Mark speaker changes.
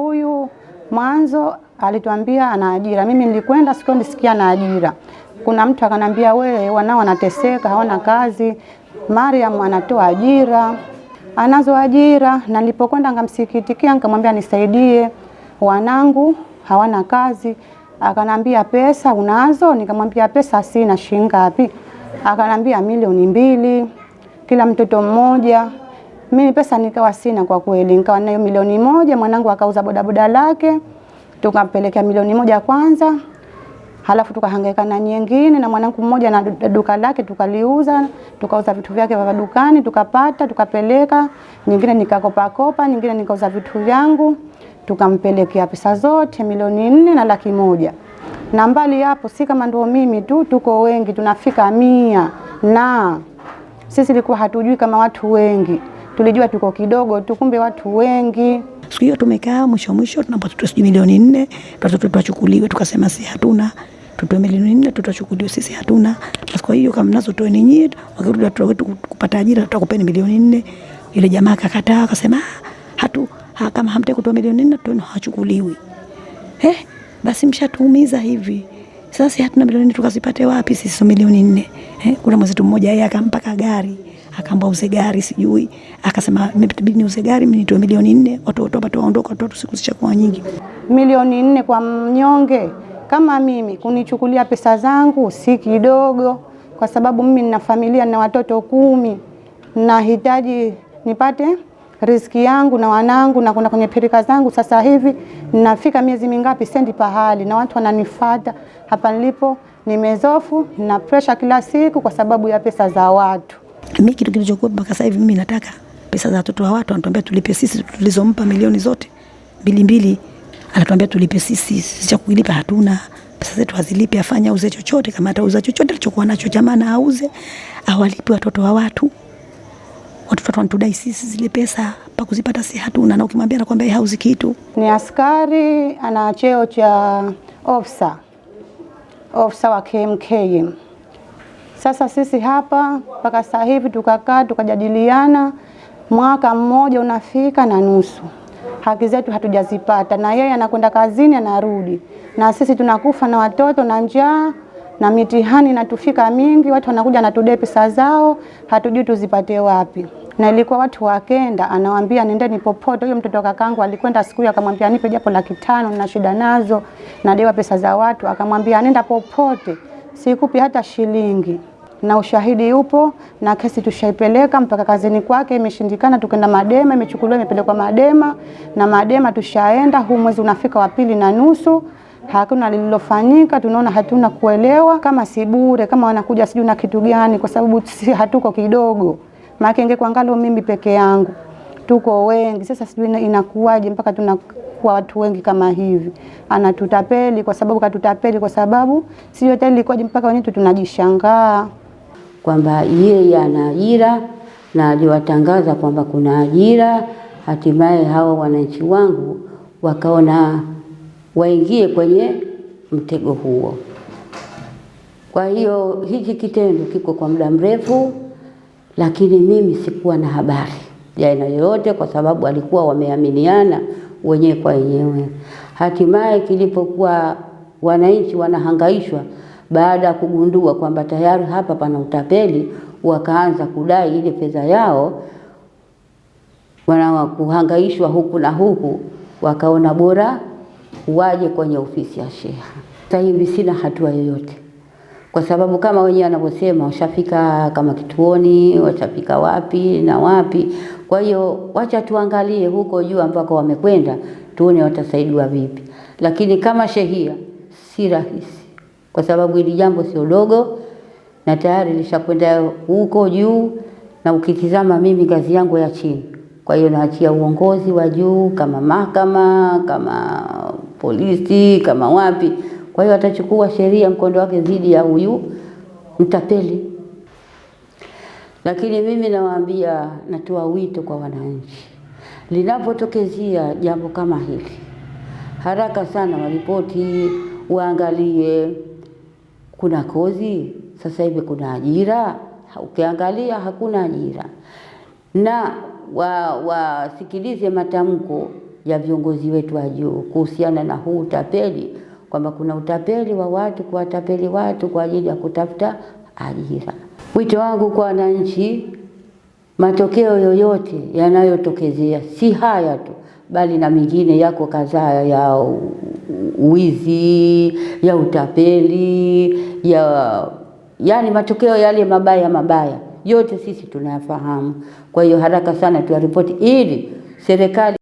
Speaker 1: huyu mwanzo alituambia ana ajira. Mimi nilikwenda siku nisikia na ajira. Kuna mtu akanambia, wewe wanao wanateseka hawana kazi, Mariam anatoa ajira, anazo ajira. Na nilipokwenda ngamsikitikia, nikamwambia nisaidie, wanangu hawana kazi. Akanambia pesa unazo? Nikamwambia pesa sina. Shilingi ngapi? Akanambia milioni mbili, kila mtoto mmoja mimi pesa nikawa sina kwa kweli, nikawa nayo milioni moja. Mwanangu akauza bodaboda lake, tukampelekea milioni moja kwanza, halafu tukahangaika na nyingine, na mwanangu mmoja na duka lake tukaliuza, tukauza vitu vyake vya dukani, tukapata tukapeleka. Nyingine nikakopa kopa, nyingine nikauza vitu vyangu, tukampelekea pesa zote milioni nne na laki moja. Na mbali hapo, si kama ndio mimi tu, tuko wengi, tunafika mia, na sisi likuwa hatujui kama watu wengi tulijua tuko kidogo tu, kumbe watu wengi.
Speaker 2: Siku hiyo tumekaa mwisho mwisho, tuna watoto sijui milioni nne, watoto tuwachukuliwe, tukasema si hatuna tutoe milioni nne, tutachukuliwa sisi hatuna. Kwa hiyo kama mnazo toeni nyie, wakirudi watoto wetu kupata ajira tutakupeni milioni nne. Ile jamaa akakataa akasema, ah, hatu ha, kama hamtaki kutoa milioni nne tutoeni, hachukuliwi. Eh, basi mshatuumiza hivi sasa, hatuna milioni nne tukazipate wapi sisi milioni nne? Eh, kuna mwenzetu mmoja yeye akampaka gari, akaamba uze gari sijui, akasema mimi niuze gari mimi nitoe milioni nne, watoto wapate waondoke, watoto siku zishakuwa nyingi.
Speaker 1: Milioni nne kwa mnyonge kama mimi kunichukulia pesa zangu si kidogo, kwa sababu mimi nina familia na watoto kumi, nahitaji nipate riziki yangu na wanangu, na kuna kwenye pirika zangu. Sasa hivi nafika miezi mingapi sendi pahali, na watu wananifuata hapa nilipo nimezofu na presha kila siku kwa sababu ya pesa za watu.
Speaker 2: Mimi kitu kilichokuwa mpaka sasa hivi mimi nataka pesa za watoto wa watu, anatuambia tulipe sisi, tulizompa milioni zote mbili mbili, anatuambia tulipe sisi, sisi cha kulipa hatuna pesa zetu hazilipi, afanye auze chochote, kama atauza chochote alichokuwa nacho jamaa na auze awalipe watoto wa watu. Watoto wanatudai sisi zile pesa, pa kuzipata si hatuna, na ukimwambia anakuambia hauzi kitu.
Speaker 1: Ni askari ana cheo cha ofisa ofisa wa KMK. Sasa sisi hapa mpaka sasa hivi tukakaa tukajadiliana, mwaka mmoja unafika na nusu, haki zetu hatujazipata, na yeye anakwenda kazini anarudi, na sisi tunakufa na watoto na njaa na mitihani inatufika mingi, watu wanakuja natude saa zao, hatujui tuzipate wapi na ilikuwa watu wakenda, anawaambia nendeni popote. Huyo mtoto kakangu alikwenda siku hiyo, akamwambia nipe japo laki tano, nina shida nazo, nadewa pesa za watu. Akamwambia nenda popote, sikupi hata shilingi na ushahidi upo na kesi tushaipeleka mpaka kazini kwake, imeshindikana. Tukenda Madema, imechukuliwa imepelekwa Madema na Madema tushaenda. Huu mwezi unafika wa pili na nusu, hakuna lililofanyika. Tunaona hatuna kuelewa, kama si bure, kama wanakuja sijui na kitu gani, kwa sababu hatuko kidogo maana kwa ngalo mimi peke yangu, tuko wengi. Sasa sijui inakuwaje mpaka tunakuwa watu wengi kama hivi, anatutapeli kwa sababu katutapeli kwa sababu sijui hata ilikuwaje mpaka wenyewe tunajishangaa
Speaker 3: kwamba yeye ana ajira na aliwatangaza kwamba kuna ajira. Hatimaye hawa wananchi wangu wakaona waingie kwenye mtego huo. Kwa hiyo hiki kitendo kiko kwa muda mrefu lakini mimi sikuwa na habari ya aina yoyote, kwa sababu walikuwa wameaminiana wenyewe kwa wenyewe. Hatimaye kilipokuwa wananchi wanahangaishwa baada ya kugundua kwamba tayari hapa pana utapeli, wakaanza kudai ile fedha yao, wanakuhangaishwa huku na huku, wakaona bora waje kwenye ofisi ya sheha. Sasa hivi sina hatua yoyote kwa sababu kama wenyewe wanavyosema washafika kama kituoni, washafika wapi na wapi. Kwa hiyo wacha tuangalie huko juu ambako wamekwenda, tuone watasaidiwa vipi, lakini kama shehia si rahisi, kwa sababu hili jambo sio dogo na tayari lishakwenda huko juu, na ukitizama mimi ngazi yangu ya chini. Kwa hiyo naachia uongozi wa juu kama mahakama, kama polisi, kama wapi kwa hiyo atachukua sheria mkondo wake dhidi ya huyu mtapeli. Lakini mimi nawaambia, natoa wito kwa wananchi, linapotokezea jambo kama hili, haraka sana waripoti, waangalie kuna kozi sasa hivi, kuna ajira. Ukiangalia hakuna ajira, na wasikilize wa matamko ya viongozi wetu wa juu kuhusiana na huu utapeli kwamba kuna utapeli wa watu kuwatapeli watu kwa ajili ya kutafuta ajira. Wito wangu kwa wananchi, matokeo yoyote yanayotokezea, si haya tu, bali na mingine yako kadhaa ya wizi, ya utapeli, ya yaani matokeo yale mabaya mabaya yote sisi tunayafahamu. Kwa hiyo haraka sana tuyaripoti ili serikali